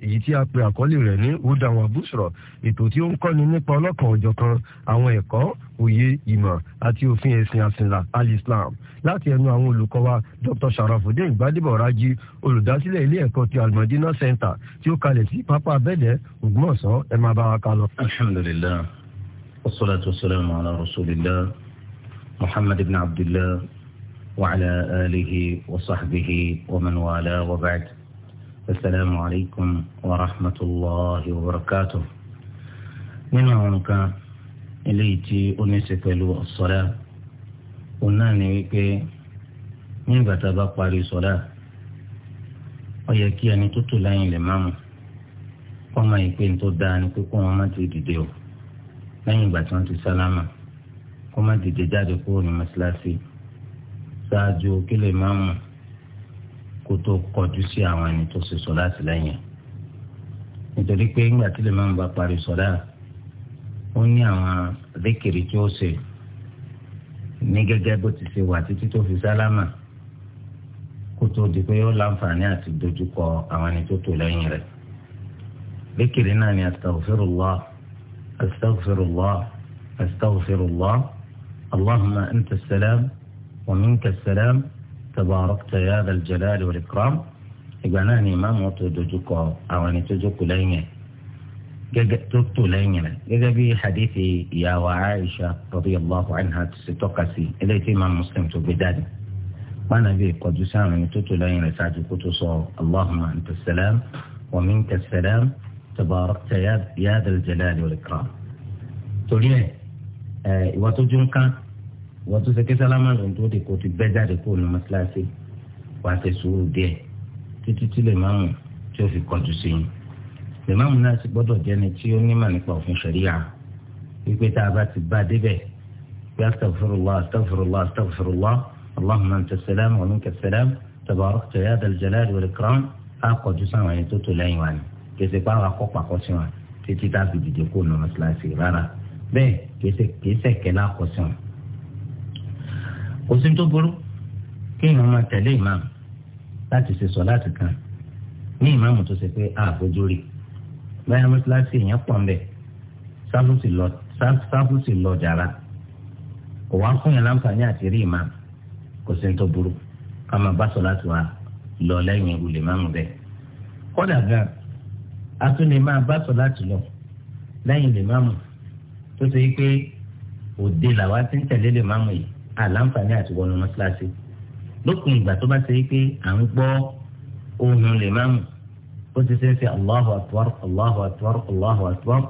èyí tí a pè àkọlé rẹ̀ ní hudan wa bushra ètò tí ó ń kọ́ni nípa ọlọ́kan òjọ̀kan àwọn ẹ̀kọ́ òye ìmọ̀ àti òfin ẹ̀sìn àsìnlá alislam láti ẹnu àwọn olùkọ́ wa dr sharafudin gbadebo olùdásílẹ̀ ilé ẹ̀kọ́ ti almadina center tí ó kalẹ̀ sí pápá abẹ́dẹ̀ ògbómọ̀ṣọ́ ẹ máa bá wa kálọ. alhamdulilayi wasalaatu wasalaamu ala rasulillah muhammad ibn abdillah wa ala alihi wa sahbihi wa man wa ba'd. السلام عليكم ورحمة الله وبركاته nínú àwọn nǹkan eléyìí tí ó ní í ṣe pẹ̀lú ọ̀sọ́lá òun náà ni wípé nígbà tá a bá parí sọ́lá ó yẹ kí ẹni tó tò lẹ́yìn lè máa mú kó máa yí pé ní tó dáa ni pé kó wọn má ti dìde o lẹ́yìn ìgbà tí wọ́n ti sálámà kó má dìde jáde kúrò ní mọ́ṣáláṣí ṣáájú kí lè máa mú kó tó kọjú sí àwọn ẹni tó ṣe sọ láti lẹ́yìn nítorí pé ńgbà tí lè máa ń bá parí sọ̀dá ó ní àwọn rékèrè tí ó ṣe ní gẹ́gẹ́ bó ti ṣe wà títí tó fi sálámà kó tó di pé ó láǹfààní àti dojúkọ àwọn ẹni tó tò lẹ́yìn rẹ̀ rékèrè náà ni astaghfirullah astaghfirullah astaghfirullah allahumma anta salam wa minka salam tabarakta ya dal jalali wal ikram ìgbà náà ni ìmáàmù tó dojú kọ àwọn ẹni tó jókòó lẹ́yìn ẹ̀ gẹ́gẹ́ tó tò lẹ́yìn rẹ̀ gẹ́gẹ́ bí hadithi ìyàwó aisha radiyallahu anha ti ṣe tọ́ka sí eléyìí tí ìmáàmù muslim tó gbé jáde pàànàbí ìkọjú sáwọn ẹni tó tò lẹ́yìn rẹ̀ ṣáájú kó tó sọ allahumma anta salam wa minka salam tabarakta ya dal jalali wal ikram torí ẹ ìwà tó dún kan ìwọ́n tó ṣe kí sálámà lòun tó dé kó ti bẹ́ jáde kó nu mọ́ṣáláṣí wàá ṣe sùúrù díẹ̀ títí tí lè máa mú tí ó fi kọjú sí yín lè máa mú náà sì gbọ́dọ̀ jẹ́ni tí ó nímọ̀ nípa òfin ṣẹ̀ríyà wípé tá a bá ti bá débẹ̀ pé astagfirullah astagfirullah astagfirullah allahumma anta salam wa minka salam tabarakta ya dal jalali wal ikram á kọjú sáwọn ẹni tó tó lẹ́yìn wa ni kèsì pa àwọn akọ́pọ̀ àkọ́sí wọn títí tá a fi dìde kó nu mọ́ṣáláṣí rárá bẹ́ẹ̀ kèsì kèsì kẹlẹ́ àkọ́sí wọn kò sí tó burú kéèyàn máa tẹ̀lé ìmáàmù láti ṣe sọ̀láàtì kan ní ìmáàmù tó ṣe pé àbójú rí báyà mọ́ṣáláṣí èèyàn pọ̀ ń bẹ̀ sáfù sì lọ jàrá kò wá fún yàn láǹfààní àti rí ìmáàmù kò sí tó burú ká máa bá sọ̀láàtì wa lọ lẹ́yìn olè máàmù bẹ́ẹ̀ kódà gan a tún lè máa bá sọ̀láàtì lọ lẹ́yìn lè máàmù tó ṣe pé òde làwa ti ń tẹ̀lé lè máàmù yìí àlàǹfààní àti wọnú mọ́ṣáláṣí lókun ìgbà tó bá ṣe é pé à ń gbọ́ ohun lè má mú ó ti ṣe é ṣe Allahu akbar Allahu akbar Allahu akbar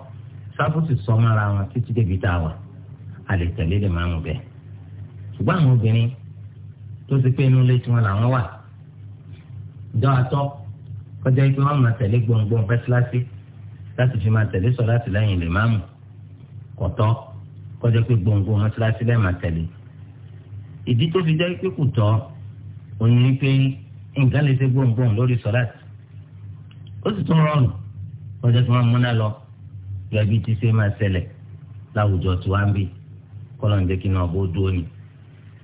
sáfù ti sọ mọ́ra wọn títí débi tá a wà a lè tẹ̀lé lè má mú bẹ́ẹ̀ ṣùgbọ́n àwọn obìnrin tó ti pé inú ilé tí wọn làwọn wà ìjọ àtọ́ kọjá pé wọ́n máa tẹ̀lé gbọ̀ngbọ̀n mọ́ṣáláṣí láti fi máa tẹ̀lé sọ láti lẹ́yìn lè má mú kọ̀tọ́ kọjá pé gbọ̀ngbọ̀n mọ́ṣáláṣí lẹ́ẹ̀ máa tẹ̀lé ìdí tó fi jẹ́ pé kò tọ́ òun ni pé nǹkan lè ṣe gbòǹgbòǹ lórí sọ́láàtì ó sì tún rọrùn lọ́jọ́ tí wọ́n múná lọ gẹ́gẹ́ bí ti ṣe máa ṣẹlẹ̀ láwùjọ tí wọ́n á ń bì kọ́lọ̀ ń jẹ́ kí náà bó dúró ni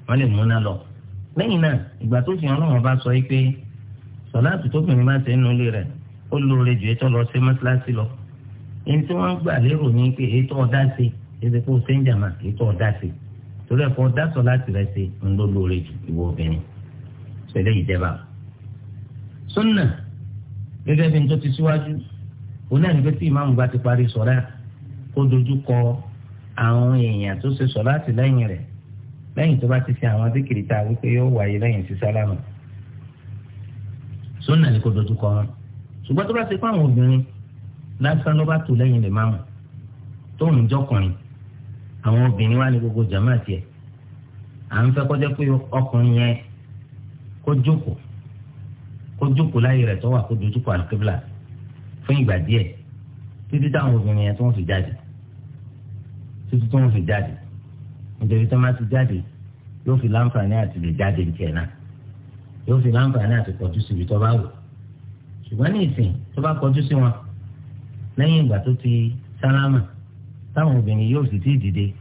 wọ́n lè múná lọ. lẹ́yìn náà ìgbà tó fi hàn náà wọ́n bá sọ pé sọ̀láàtì tó bìnrin máa ṣe nínú ilé rẹ̀ ó lóore jù ètò lọ sí mọ́ṣáláṣí lọ. ẹni tí wọ́n gbà lérò ní pé ètò ọ̀dá ṣe ètò kó ṣe ètò ọ̀dá ṣe torí ẹ̀kọ́ dásọ̀ láti rẹ̀ ṣe ń lọ lóore ju ìwọ obìnrin pẹ̀lú ìjẹba. sunna gẹ́gẹ́ bí n tó ti síwájú oní àná tí ìmáàmù bá ti parí sọ̀rá kó dojú kọ àwọn èèyàn tó ṣe sọ̀rá àti lẹ́yìn rẹ̀ lẹ́yìn tó bá ti ṣe àwọn adékèrè tá a wípé yóò wáyé lẹ́yìn sí sálámù sunna ni kó dojú kọ wọn ṣùgbọ́n tó bá ṣe fún àwọn obìnrin lásán ló bá tò lẹ́yìn lè máàmù tóun jọkùnrin àwọn obìnrin wà ní gbogbo jàmáà tiẹ̀ à ń fẹ́ kọjá pé ọkùnrin yẹn kó jókòó kó jókòó láyé rẹ̀ tó wà kó dojúkọ àlùkébìlà fún ìgbà díẹ̀ títí táwọn obìnrin yẹn tó ń fi jáde títí tó ń fi jáde nítorí tó máa ti jáde yóò fi láǹfààní àti lè jáde nìkẹ́ náà yóò fi láǹfààní àti kọjú síbi tó bá wù ṣùgbọ́n ní ìsìn tó bá kọjú sí wọn lẹ́yìn ìgbà tó ti sálámà táwọn obìnrin yóò sì tíì dìde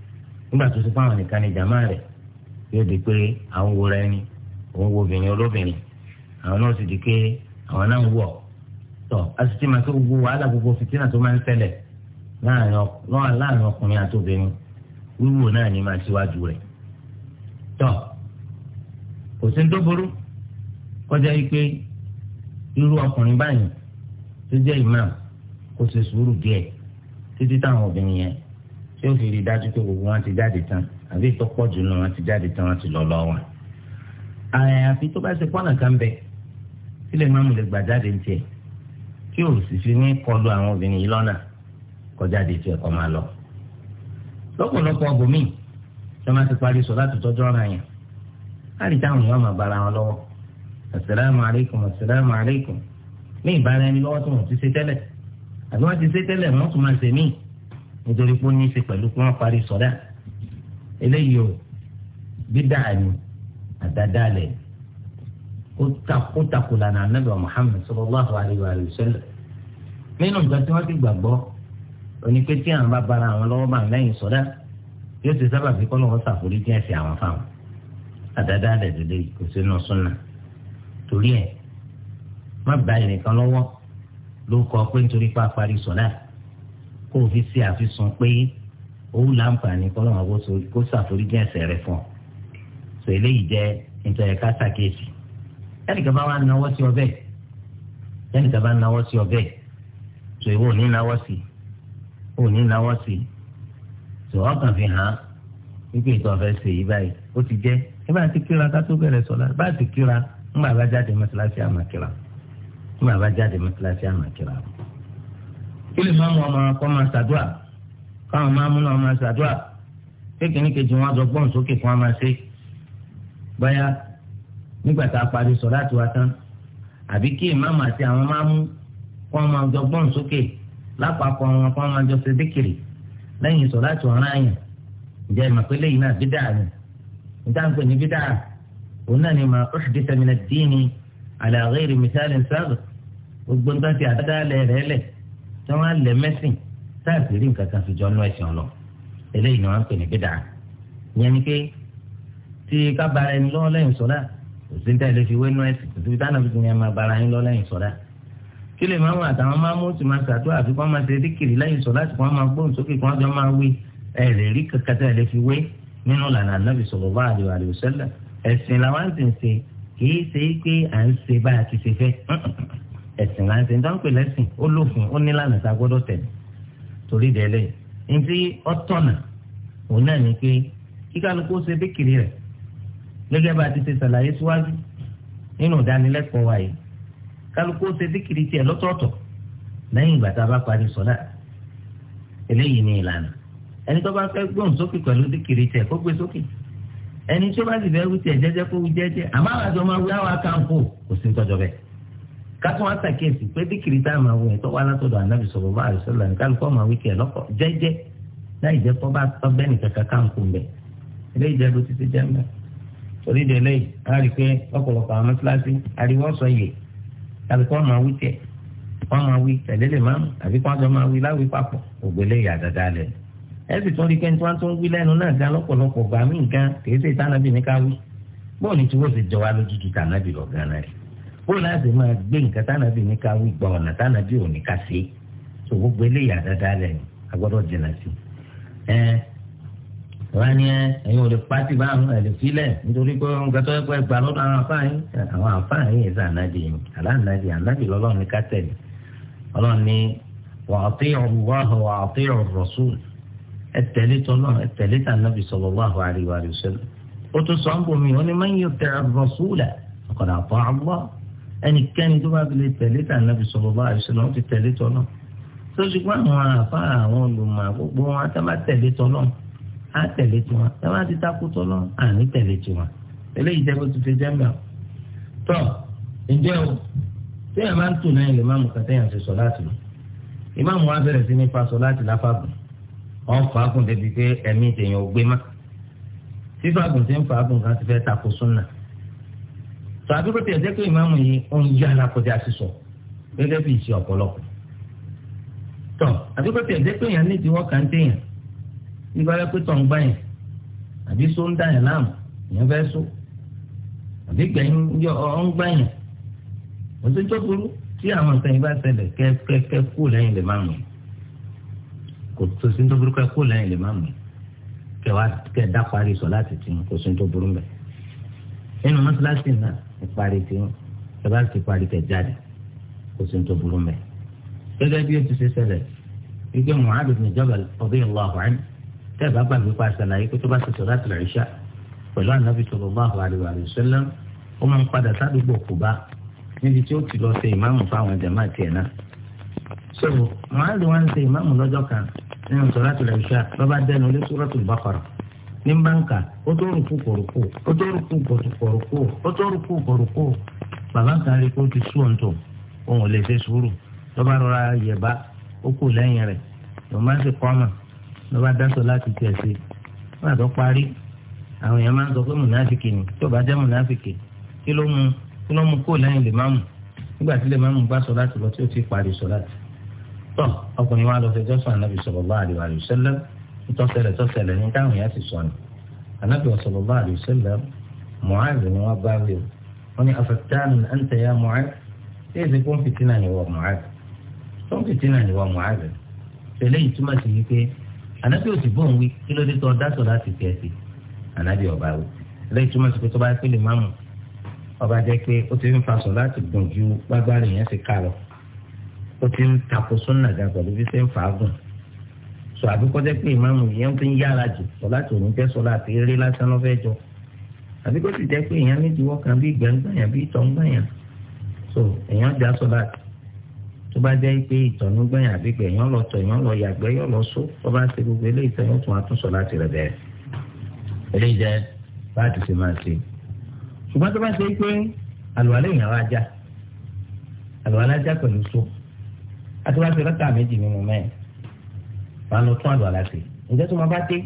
nígbà tó ti pa àwọn nìkan ní jàmá rẹ̀ yóò di pé àwọn wo ẹni òun wo obìnrin olóbìnrin àwọn náà sì di pé àwọn náà ń a sì ti máa tó gbogbo wàhálà gbogbo fìtínà tó máa ń tẹ̀lẹ̀ láàrin ọkùnrin àti obìnrin wíwò náà ni máa ṣíwájú rẹ̀ tọ̀ kò sí ní tó kọjá yìí pé títí táwọn obìnrin yẹn tí ó fi rí dájú pé gbogbo wọn ti jáde tán àbí ìtọ́pọ̀ jù náà wọn ti jáde tán wọn ti lọ lọ wọn. àyàfi tó bá ṣe pọ́nà kan bẹ tí lè máàmù lè gbà jáde ń tiẹ̀ tí ò sì fi ní kọlu àwọn obìnrin yìí lọ́nà kọjáde tiẹ̀ kọ́ máa lọ. lọ́pọ̀lọpọ̀ ọgbọ̀mí tí wọ́n ti parí sọ láti tọ́jú ọ̀ràn yẹn láti táwọn èèyàn máa bára wọn lọ́wọ́ asalaamualeykum asalaamualeykum ní ìbára ẹni lọ́wọ́ tó wọ́n ti ṣe tẹ́lẹ̀ àbí wọ́n ti ṣe tẹ́lẹ̀ wọ́n tún máa ṣe míì nítorí pé ó ní í ṣe pẹ̀lú pé wọ́n parí sọ̀dá eléyìí o bídà ni àdádálẹ̀ ó takò lànà anábì Muhammad sallallahu alayhi wa sallam nínú nǹkan tí wọ́n ti gbàgbọ́ onípe tí àwọn bá bára àwọn lọ́wọ́ bá lẹ́yìn sọ̀dá yóò ti sábà fi kọ́lọ́wọ́ ṣàforíjì ẹ̀ṣẹ̀ àwọn fáwọn àdádálẹ̀ dòde kò sínú súnà torí ẹ̀ má bá ẹnìkan lọ́wọ́ ló kọ pé nítorí pé a parí sọ̀lá kó o fi ṣe àfisùn pé òun láǹfààní kọ́ lọ́wọ́ bó so kó ṣàforíjì ẹ̀ṣẹ̀ rẹ̀ fún ọ. sọ eléyìí jẹ́ nítorí ká ṣàkíyèsí. ẹnìkan bá wà náwó sí ọbẹ̀ ẹnìkan bá náwó sí ọbẹ̀ sọ ìwọ ò ní náwó sí ò ní náwó sí sọ ọkàn fi hàn wípé ìtọ́ ọ̀fẹ́ ṣe yí báyìí ó ti jẹ́ ẹ bá ti kíra ká tó bẹ̀rẹ̀ sọ̀lá bá ti kíra ńgbà bá jáde mọ́ṣáláṣí ní bàbá jáde mọ́tíláṣí àmà kíra o. kí lè máa mú ọmọ akọ́ máa ṣàdúrà káwọn máa mú ọmọ ṣàdúrà kékeré kejì wọn jọ gbọ́n sókè fún wa máa ṣe. báyà nígbà tá a parí sọ láti wá tán àbí kí ìmáàmù àti àwọn máa mú kó wọn máa jọ gbọ́n sókè lápapọ̀ wọn kó wọn máa jọ ṣe díkìrì lẹ́yìn sọ láti ọ̀ràn àyàn ìjà ìmọ̀pẹ́lẹ́ yìí náà bídà ni ìjà ń bídà òun náà ni mà ó ṣ ala ghairi mithalin sábà gbogbo nǹkan ti àdádálẹ̀ rẹ̀ lẹ̀ tí wọ́n á lẹ̀ mẹ́sìn táàsì rí nǹkan kan fi jọ nú ẹ̀sìn ọlọ eléyìí ni wọ́n ń pè ní bídà ìyẹn ni pé tí ká bara ẹni lọ́wọ́ lẹ́yìn sọ́dá kò sí níta ilé fi wé nú ẹ̀sìn kò síbi táwọn fi yẹn máa bara ẹni lọ́wọ́ lẹ́yìn sọ́dá kí lè máa mú àtàwọn máa mú tì máa ṣàtúwà àfi kọ́ máa ṣe díkìrì lẹ́yìn sọ́dá tí wọ́n máa gbóhùn sókè kí wọ́n jọ máa wí ẹ̀rẹ̀ rí kankan tí a lè fi wé nínú lànà ànábì sallallahu alaihi wasallam ẹ̀sìn làwọn ti ń ṣe kìí ṣe é pé à ń ṣe bá a ti ṣe fẹ́ ẹ̀sìn là ń ṣe dáńpẹ́ lẹ́sìn ó lófin ó nílànà tá a gbọ́dọ̀ tẹ̀lé torí dẹ́lẹ̀ ntí ọ̀tọ̀nà òun náà ni pé kíkálukú ṣe bíkìrì rẹ̀ gẹ́gẹ́ bá a ti ṣe ṣàlàyé síwájú nínú ìdánilẹ́kọ̀ọ́ wa yìí kálukú ṣe bíkìrì tiẹ̀ lọ́tọ̀ọ̀tọ̀ lẹ́yìn ìgbà tá a bá parí sọ́lá eléyìí ni ìlànà ẹni tó bá fẹ́ gbóhùn sókè pẹ̀lú bíkìrì tiẹ̀ kó gbé sókè. So ẹni tí ó bá sì fẹ́ wí tiẹ̀ jẹ́jẹ́ kó wí jẹ́jẹ́ àmọ́ àwọn àjọ máa wí àwọn akáǹpò kò sí tọ́jọ́ bẹ́ẹ̀ kátó wọn sàkíyèsí pé díkìrì tá a máa wọ ẹ̀tọ́ wá látọ̀dọ̀ ànábì sọ̀rọ̀ bá àrùsọ lànà kálukọ́ máa wí tiẹ̀ lọ́kọ̀ jẹ́jẹ́ láì jẹ́ kó bá tọ́ bẹ́ẹ̀ nìkan kankan kò mbẹ́ ilé ìjẹ́bù ti ti jẹ́ mbẹ́ ẹ̀sì tó rí pẹ́ńtì wọn tó ń wí lẹ́nu náà gan lọ́pọ̀lọpọ̀ gbà mí nǹkan kìí ṣe ní ká wí bóun ni tí wọ́n ṣe jọ wá lójú ju lọ gan náà rẹ̀ bóun náà sì máa gbé nǹkan tànàbì ní ká wí gba ọ̀nà tànàbì ò ní ká ṣe tó gbogbo eléyà dáadáa lẹ́yìn agbọ́dọ̀ jìnnà sí ẹ wọn ni ẹ̀yin ò lè pàtì bá àwọn nítorí pé wọn ẹtẹ̀lé tọ́lọ́ ẹtẹ̀lé tà nàbì sallallahu alaihi wa sallam ó tún sọ ń bò mí wọn ni man yuti' ar-rasula faqad ata'a Allah ẹnikẹ́ni tó bá fi lè tẹ̀lé tà nàbì sallallahu alaihi wa sallam ó ti tẹ̀lé tọ́lọ́ tó ṣùgbọ́n àwọn àfáà àwọn olùmọ̀ gbogbo wọn á sábà tẹ̀lé tọ́lọ́ á tẹ̀lé tiwọn sábà ti takú tọ́lọ́ à ní tẹ̀lé tiwọn eléyìí jẹ́ bó ti fi jẹ́ mẹ́ọ̀ tọ́ ǹjẹ́ o tí ẹ̀ máa ń tù náà lè má mú kàtẹ́yàn ṣe sọ láti lọ ìmáàmù wa bẹ̀rẹ̀ sí nípa sọ láti láfàgùn wọn fàágùn débi pé ẹ̀mí tèèyàn ò gbé má fífàgùn tí ń fàágùn kan ti fẹ́ takò súnà tàbí kò tẹ̀ jẹ́ pé ìmáàmù yìí ó ń yá alákọjá sísọ gẹ́gẹ́ bí ìṣe ọ̀pọ̀lọpọ̀ tọ̀ àbí kò tẹ̀ jẹ́ pé èèyàn ní ìdíwọ́ kan téèyàn ìgbàlẹ́ pé tọ̀ ń gbá yẹn àbí só ń dà yẹn láàmú èèyàn fẹ́ só àbí gbẹ̀yìn ọ̀ ń gbá yẹn òtítọ́ burú tí àwọn nǹkan yìí bá ṣẹlẹ̀ kẹ́kẹ́ kú lẹ́yìn lè máàmù yìí kò tó sí tó burúkú ẹ kó lẹ́yìn lè má mú kẹ wá kẹ dá parí sọ láti tì kò sí tó burú mẹ nínú mọ́sálásí náà ẹ parí tì ẹ bá ti parí kẹ jáde kò sí tó burú mẹ gẹ́gẹ́ bí o ti ṣe ṣẹlẹ̀ gbígbé Mu'adh ibn Jabal radiyallahu anhu tẹ́ ẹ bá gbàgbé pa àṣàlàyé pé tó bá ti sọ láti rẹ̀ ṣá pẹ̀lú ànábì sallallahu alaihi wa sallam ó máa ń padà sádùúgbò Kùbá níbi tí ó ti lọ ṣe ìmáàmù fáwọn jàmáà so màálù wa dị ṣe ìmáàmù lọjọ kan nínú sọ̀rọ̀tù lẹ́yìnṣà lọ́ba dẹnu lé sọ̀rọ̀tù bàkàrà ní báńkà ó tó rúkú kòrókò ó tó rúkú kòrókò ó tó rúkú kòrókò bàbá kan rí kó ti sú òun ò lè sùúrù rọra yẹ̀bá ó kù lẹ́yìn rẹ̀ ń ṣe ṣe àtọ́ parí àwọn èèyàn máa ń sọ pé mùnáfìkì ni tó bá jẹ́ mùnáfìkì kí ló kí ló kó tọ́ ọkùnrin wa lọ fẹjọ́ sùn ànábì sallallahu alaihi wasallam tọ́sẹ̀lẹ̀ tọ́sẹ̀lẹ̀ ní táwọn èèyàn sì sọ ni ànábì sallallahu alaihi wasallam Mu'adh ni wọ́n bá wí o wọ́n ní afattanun anta ya Mu'adh ẹ̀ ṣe fún fìtínà ni wọ́n Mu'adh fún fìtínà ni wọ́n Mu'adh tẹ̀lé ìtumọ̀ sí wípé ànábì ò sì bọ̀ ń wí kí ló dé tọ́ dásọ̀ láti tẹ̀ sí ànábì ọ̀bá wí tẹ̀lé ìtumọ̀ sí pé tó bá pé lè ọba jẹ́ pé ó ti ń fa sọ̀ láti gbọ̀n ju gbágbá ó ti ń takò súnà gan pẹ̀lú bí ṣe ń fàágùn sọ àbíkọ́jẹ́ pé ìmáàmù yẹn ti ń yára jù sọ láti òní jẹ́ sọ láti eré lásán lọ́fẹ́ jọ àbíkọ́ sì jẹ́ pé èèyàn nídìíwọ́ kan bí ìgbẹ́ngbàyàn bí ìtọ́ngbàyàn so èèyàn já sọ láti tó bá jẹ́ pé ìtọ́núgbàyàn àbí pé èèyàn lọ tọ̀ èèyàn lọ yàgbẹ́ yọ̀ lọ só tó bá ṣe gbogbo eléyìí tẹ̀yìn tó wọn tún sọ rẹ̀ bẹ́ẹ̀ eléyìí jẹ́ bá àti wá sí rákà méjì nínú mẹ́rin wà lọ tún àlọ́ àlàsì ǹjẹ́ tó máa bá dé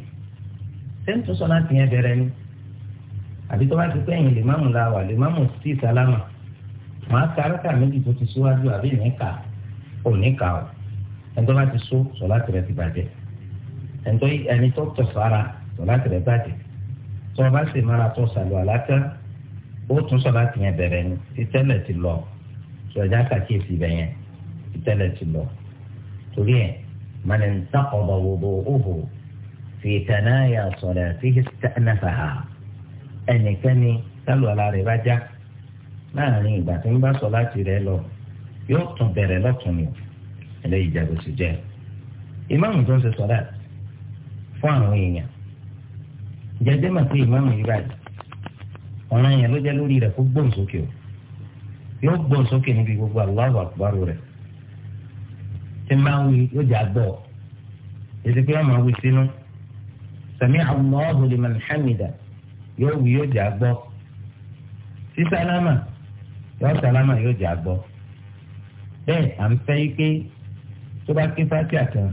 sẹ́ńtù sọ láti yẹn bẹ̀rẹ̀ ni àbí tó bá ti pẹ́ yìn lèmámù la wà lèmámù sí sálámà màá ka rákà méjì tó ti síwájú àbí nìka ò nìka o ẹ̀ńtọ́ bá ti sún sọ láti rẹ̀ ti bàjẹ́ ẹ̀ńtọ́ ẹni tó tọ̀ sára sọ láti rẹ̀ bàjẹ́ tó o bá sì mára tó sàlù àlàkà ó tún sọ láti yẹn bẹ̀rẹ̀ ni títẹ́lẹ̀ ti lọ sọ ẹ̀dá kàkíyèsí bẹ̀ tẹ́lẹ̀ ti lọ torí ẹ̀ man intaqada wudu'uhu fi tanaya salatihi ista'nafaha ẹnikẹ́ni tálùwàlá rẹ̀ bá já láàrin ìgbà tí ń bá sọ láti rẹ̀ lọ yóò tún bẹ̀rẹ̀ lọ́tún jẹjẹ mà pé ìmáàmù yìí báyìí ọ̀ràn yẹn ló jẹ́ lórí rẹ̀ kó gbóhùn sókè o yóò gbóhùn sókè níbi gbogbo rẹ̀ tí n bá ń wí yóò jà gbọ́ ètò pé ọmọ wí sínú sami Allahu liman hamida yóò wí yóò jà gbọ́ sí sálámà yóò sálámà yóò jà gbọ́ bẹ́ẹ̀ à ń fẹ́ yí pé tó bá ké fásitì àtàn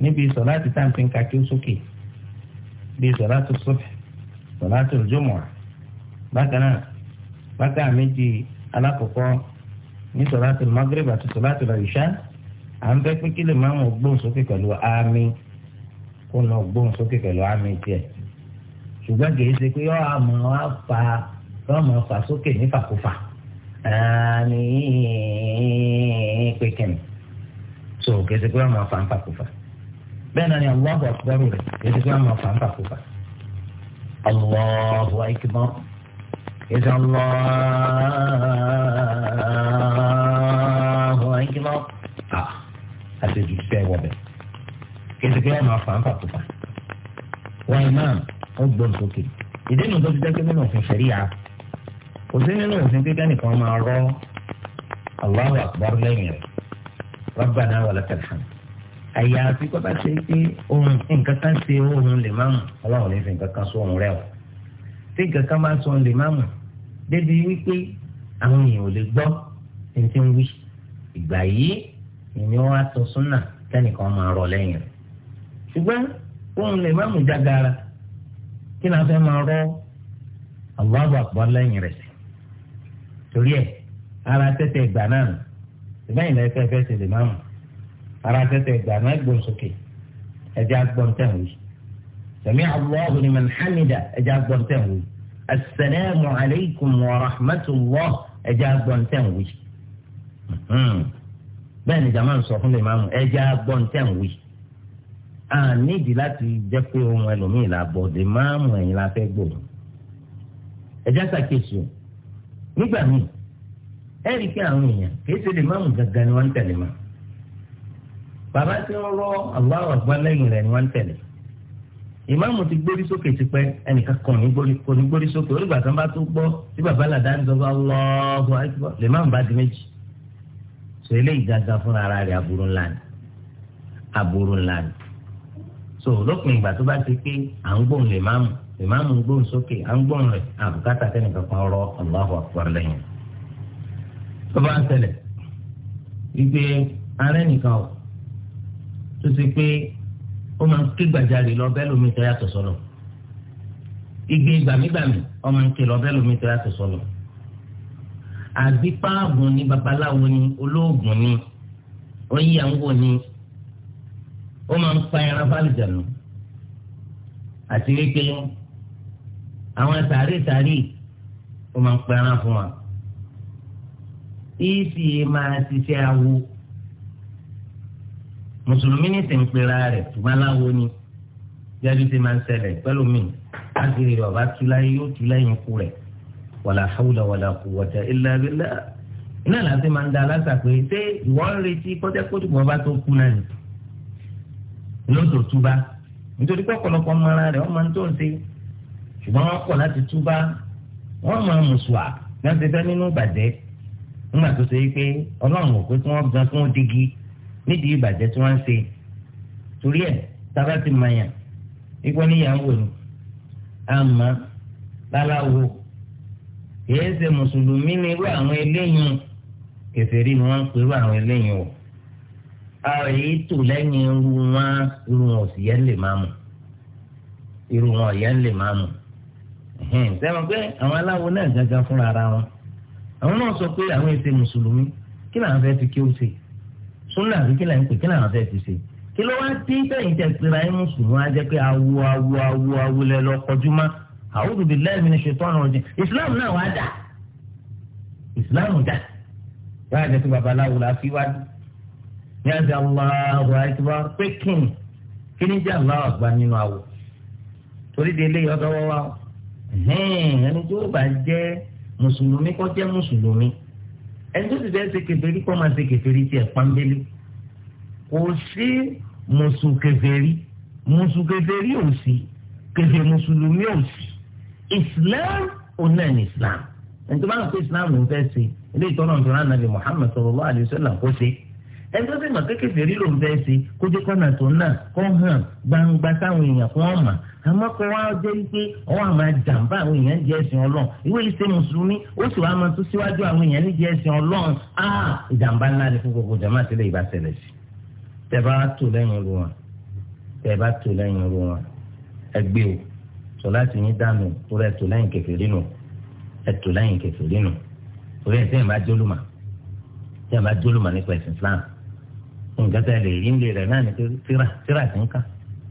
níbi sọ̀lá ti tàǹtì ń ka kí ó sókè bíi sọ̀lá tó sọ̀fẹ̀ sọ̀lá tó jùmọ̀ bákan náà bákan méjì alákọ̀ọ́kọ́ ní sọ̀lá tó magreba àti sọ̀lá tó lọ́yìṣá à ń bẹ pé kí lè máa ń gbóhùn sókè pẹ̀lú àmì kó lọ gbóhùn sókè pẹ̀lú àmì tiẹ̀ ṣùgbọ́n kì í ṣe pé yọ àmọ́ á fa yọ àmọ́ fà sókè nífàkúfà àmì pé kẹ́mi so kì í ṣe pé yọ àmọ́ fà nífàkúfà bẹ́ẹ̀ náà ni Allahu akbar rẹ̀ kì í ṣe pé yọ àmọ́ fà nífàkúfà Allahu akbar. إذا الله àṣejù tẹ wọbẹ kìsìkì ọmọ àfàǹfà pupa wọn imam ó gbọ́n sókè ìdí nu tó ti dẹ́kẹ́ nínú òfin ṣẹ̀ríya kò sí nínú òfin kíkẹ́ nìkan máa rọ Allahu akbar lẹ́yìn rẹ̀ rabbana wa lakal hamd àyàfi kọ́ bá ṣe pé ohun nǹkan kan ṣe ohun lè máàmù ọlọ́run ní fi nǹkan kan sọ ohun rẹ̀ o tí nǹkan kan bá sọ ohun lè máàmù débi wípé àwọn èèyàn ò lè gbọ́ ẹni tí ń wí ìgbà yìí ìyẹn wá sọ súnà tẹnìkan máa rọ lẹ́yìn rẹ̀ ṣùgbọ́n òun lè má mú jágara kí náà fẹ́ máa rọ Allahu Akbar lẹ́yìn rẹ̀ sí torí ẹ̀ ara tẹ́tẹ́ ìgbà náà nù ṣùgbọ́n ìlẹ̀ ẹ̀fẹ́ fẹ́ lè má mú ara tẹ́tẹ́ ìgbà náà gbọ́n sókè ẹ̀jẹ̀ agbọ́n tẹ̀ wí sami Allahu liman hamida ẹ̀jẹ̀ agbọ́n tẹ̀ wí asalaamu alaykum wa rahmatulah ẹ̀jẹ̀ agbọ́n tẹ̀ wí. Hmm bẹ́ẹ̀ ni jama ń sọ fún lè máa mú ẹja gbọ́n tẹ̀ ń wí a nídìí láti jẹ́ pé ohun ẹlòmíì la bọ̀ lè máa mú ẹ̀yìn la fẹ́ gbòòrò ẹja ṣàkíyèsí o nígbà míì ẹ rí i pé àwọn èèyàn kìí ṣe lè máa mú gangan ni wọ́n ń tẹ̀lé ma bàbá tí wọ́n rọ Allahu Akbar lẹ́yìn rẹ̀ ni wọ́n ń tẹ̀lé ìmáàmù ti gbórí sókè tipẹ́ ẹnìkan kàn ní gbórí sókè onígbà bá tó gbọ́ tí so eléyìí gàgà fúnra ara rẹ̀ aburú ńlá ni aburú ńlá ni so lópin ìgbà tó bá ti pé à ń gbóhùn lè máàmù lè máàmù ń gbóhùn sókè à ń gbóhùn rẹ̀ àbùkátà tẹnìkan kan rọ Allahu akbar lẹ́yìn tó bá ń ṣẹlẹ̀ wípé arẹ nìkan o tó ti pé ó máa ń ké gbàjarè lọ bẹ́ẹ̀ lómi tó yàtọ̀ sọ̀rọ̀ igbe gbàmígbàmí ọmọ ń lọ bẹ́ẹ̀ lómi tó yàtọ̀ sọ̀rọ̀ àgbípáàgùn ni babaláwo ni olóògùn ni oníyàwó ni ó máa ń pa ẹran fálìjànù àti wípé àwọn sàárèsàárè ó máa ń pa ẹran fún wa ìsì máa ṣiṣẹ́ awo mùsùlùmí ní tẹ̀ǹpẹ̀ra rẹ̀ tùmọ́láwo ni jáde ti máa ń ṣẹlẹ̀ pẹ́lú mi láti rí ọba túláyé yóò túláyé ń kú rẹ̀ wàlà hawla wàlà quwwata illa billah iná láti máa ń da aláṣà pé ṣé ìwọ ń retí kọ́tẹ́kọ́tù mọ́ bá tó kú náà ni lóòótọ́ túbá nítorí pé ọ̀pọ̀lọpọ̀ mara rẹ̀ wọ́n máa ń tó ń ṣe ṣùgbọ́n wọ́n kọ̀ láti túbá wọ́n máa mùsùà láti fẹ́ nínú ìbàjẹ́ nígbà tó ṣe pé ọlọ́run ò pé kí wọ́n gan kí wọ́n nídìí ìbàjẹ́ tí wọ́n ń ṣe torí ẹ̀ tábà ti mọ̀ yàn ikú níyàwó ni àmọ́ láláwo kìí ṣe mùsùlùmí ni irú àwọn eléyìí kèfèrí ni wọ́n ń pe irú àwọn eléyìí o àwọn èyí tò lẹ́yìn irú wọn irú wọn ò sì yẹn lè máa mú irú wọn ò yẹn lè máa mú sẹ́wọ̀n pé àwọn aláwo náà gángan fúnra ara wọn àwọn náà sọ pé àwọn èsè mùsùlùmí kí làwọn fẹ́ fi kí ó ṣe súnà àbí kí làwọn pè kí làwọn fẹ́ fi ṣe kí ló wá dé bẹ́ẹ̀ ìjẹ́ pera ẹ̀ mùsùlùmí wá jẹ́ pé awo awo awo awo lẹ lọ kọjú a'udhu billahi minash shaitanir rajim islam náà wá dà islam dà báyà jẹ́ pé babaláwo la fi wá ní àti Allahu akbar pé kín kí ní jẹ́ Allahu akbar nínú àwọ̀ torí de eléyìí ọ̀dọ́ wọ́n wá ẹni tó bá jẹ́ mùsùlùmí kọ́ jẹ́ mùsùlùmí ẹni tó ti fẹ́ ṣe kèfèrí kọ́ máa ṣe kèfèrí tiẹ̀ pọ́nbélé kò sí mùsùn kèfèrí mùsùn kèfèrí ò sí kèfè mùsùlùmí ò sí islam òun náà ní islam ẹni tó bá ń pè islam ló ń fẹ́ ṣe ilé ìtọ́nà ìtura nàbì muhammed sallallahu alaihi wasallam kó ṣe ẹni tó sì mọ̀ kékeré fèrè ló ń fẹ́ ṣe kó jẹ́ kọ́nà tó náà kó hàn gbangba táwọn èèyàn kó hàn mà àmọ́ kó wá jẹ́ pé ọwọ́ àmọ́ jàǹbá àwọn èèyàn jẹ́ ẹ̀sìn ọlọ́run ìwé ìṣe mùsùlùmí ó sì wá máa tún síwájú àwọn èèyàn ní jẹ́ ẹ̀sìn ọlọ́run á ìjàǹbá ńlá ni fún gbogbo jàmá àtìlẹ́ ìbá ṣẹlẹ̀ sí. tẹ bá tó lẹ́yìn ru tẹ bá tó lẹ́yìn ru ẹgbẹ́ o sọláàtì yín dànù torí ẹtù lẹ́yìn kèfèrí nù ẹtù lẹ́yìn kèfèrí nù torí ẹtù yẹn bá jólùmọ̀ yẹn bá jólùmọ̀ nípa ẹ̀sìn Islam nǹkan tẹ lè rí nílé rẹ náà ni tíra tíra ti ń kà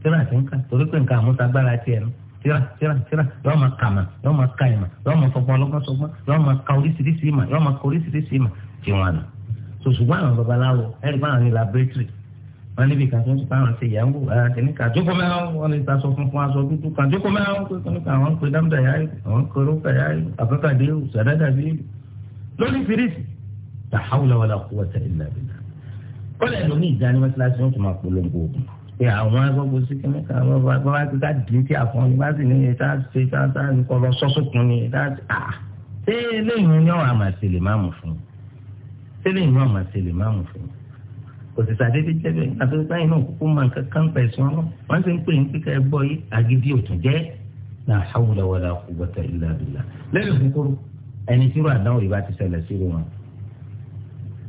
tíra ti ń kà torí pé nǹkan àmúṣagbára tiẹ̀ nù tíra tíra tíra yọọ ma kà mà yọọ ma ka ìmà yọọ ma fọgbọ́n ọlọ́gbọ́n sọgbọ́n yọọ ma ka oríṣiríṣi ìmà yọọ ma ka oríṣiríṣi ìmà tiwọn wọn níbi kan tó ń pa àwọn ṣe yàwó àtẹnì kan jókòó mẹ́rin wọn lè sasọ funfun aṣọ dúdú kan jókòó mẹ́rin pé kí nìkan àwọn ń pe dámdà yá yìí àwọn ń pe rúkà yá yìí àkọ́kàdé sàdádà bí yìí lórí fèrèsì la hawla wala quwwata illa billah ó lẹ́nu ní ìdánimọ́síláṣí wọn tún máa polongo ogun pé àwọn agbọ́gbọ́ sí kí nìkan àwọn bàbá wa ti ká dín tí àfọ̀n ni bá ní kò sì sàdédé jẹ́ bẹ́ẹ̀ àfẹ́sẹ́ yìí náà kúkú máa ń kankan pẹ̀ sí wọn wọ́n ti ń pè ń píkà ẹ gbọ́ yìí àgídí òtún jẹ́ náà hawla wala quwwata illa billah lẹ́yìn kúkúrú ẹni tí irú àdáwò yìí bá ti ṣẹlẹ̀ sí irú wọn.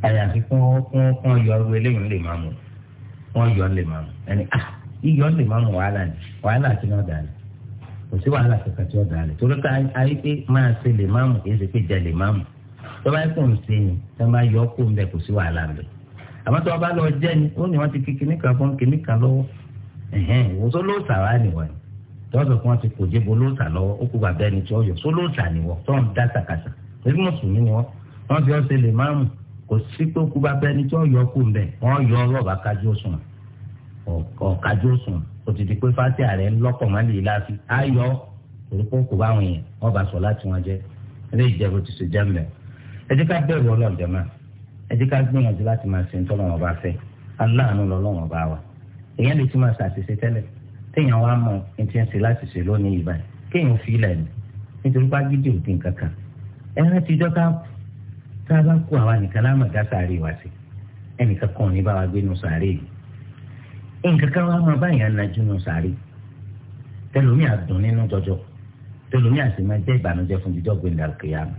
àyàfi kún kún kún yọ ọrú eléyìí lè máa mú wọn yọ lè máa mú ẹni à ah, yíyọ lè máa mú wàhálà ni wàhálà ti náà dàlẹ̀ kò sí wàhálà kankan tí ó dàlẹ̀ torí ká ayé pé máa àmọ́ tí wọ́n bá lọ jẹ́ ni ó ní wọ́n ti kí kìnnìkan fún kìnnìkan lọ́wọ́ ẹ̀hẹ́n so lóòsà wá nìwọ̀ ni tọ́sọ̀ fún wọn ti kò jébo lóòsà lọ́wọ́ ó kú bàbá ẹni tí ó yọ so lóòsà nìwọ̀ tó ń dá sàkàsà èyí mùsùlùmí ni wọ́n wọ́n fi ọ̀sẹ̀ lè máàmù kò sí pé ó kú bàbá ẹni tí ó yọ kú mbẹ wọ́n yọ rọ̀bà kájú òsùn ọ̀kájú òsùn ó ti di pé fásitì ààrẹ lọ́pọ̀ má lè láfi ayọ̀ orúkọ kò bá wọn yẹn wọ́n ẹ jẹ́ ká gbìyànjú láti máa ṣe nítorí wọn bá fẹ́ aláàánú lọ́lọ́wọ́n bá wa èèyàn lè ti máa ṣàṣìṣe tẹ́lẹ̀ téèyàn wá mọ ẹni tí ń ṣe láti ṣe lónìí yìí báyìí kéèyàn fi ilẹ̀ ni nítorí pé agídí òdì nǹkan kan ẹran ti jọ́ tá a bá kú àwa nìkan lámàgá sáré wa sí ẹnìkan kan ò ní bá wa gbénu sáré yìí nǹkan kan wá máa báyìí ànájú nù sáré tẹlomi àdùn nínú jọjọ tẹlomi àti jẹ ìbànújẹ́ fún jíjọ gbẹndàlùkìyàmù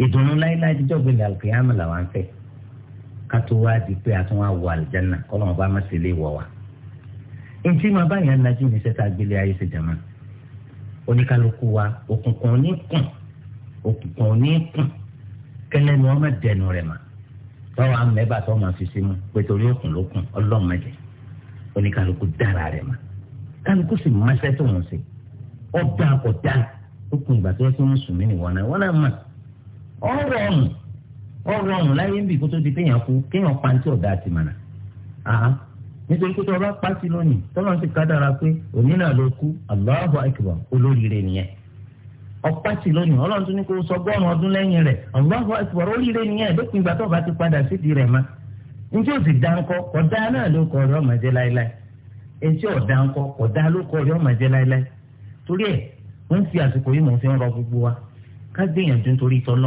ìdùnnú láíláí jíjọ́ gbẹ̀lẹ̀ àlùkìyàmù làwọn ń fẹ́ ká tó wá di pé a tún wá wọ àlùjáná kọ́lọ́mù bá má sì lè wọ̀ wá. ntí máa bá yẹn lajú ní sẹ́ta gbélé ayé ṣe jàmá oníkálukú wa òkùnkùn oníkùn òkùnkùn oníkùn kẹlẹ́ ni wọ́n má dẹnu rẹ̀ mà tọ́wọ́ amẹ́bà tó máa fi símú pé torí òkùn ló kùn ọlọ́mọdé oníkálukú dára rẹ̀ mà kálukú sì máṣẹ́ tó wọ́n ṣe ọ̀dà kò dá òkùn ìgbà tó yẹ kí wọ́n sùn mí nìwọ̀n náà wọ́n náà mọ̀ ọrọrùn ọrọrùn láyé ń bì kó tó di pé kú kéèyàn pantí ọ̀dà àti mànà nítorí pé tó o bá pàṣẹ lónìí tọ́lọ́n ti ká dára pé òní náà ló kú Allahu akbar olóríire nìyẹn ọpàṣẹ lónìí ọlọ́run tún ní kó sọ ọdún lẹ́yìn rẹ̀ olóríire nìyẹn lópin ìgbà tó ti padà sídìí ma kọ̀dá náà ló ọ̀rẹ́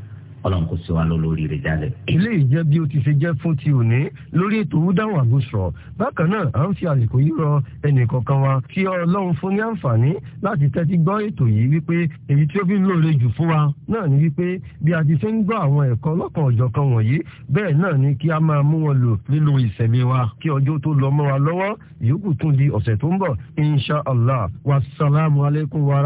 ọlọ́run kò sí wa lọ lórí rẹ̀ jálẹ̀. ilé ìjẹ́ bí o ti ṣe jẹ́ fún ti òní lórí ètò wúdáhùn àgùsọ̀ bákan náà à ń fi àsìkò yìí rọ ẹnì kọ̀ọ̀kan wa kí ọlọ́run fún ní àǹfààní láti tẹ́tí gbọ́ ètò yìí wípé èyí tí ó fi lóore jù fún wa náà ni wípé bí a ti ṣe ń gbọ́ àwọn ẹ̀kọ́ lọ́kàn ọ̀jọ̀kan wọ̀nyí bẹ́ẹ̀ náà ni kí a máa mú wọn lò nínú ìṣẹ̀lẹ̀ wa kí ọjọ́ tó lọ mọ́ wa lọ́wọ́ ìyókù tún di ọ̀sẹ̀ tó ń bọ̀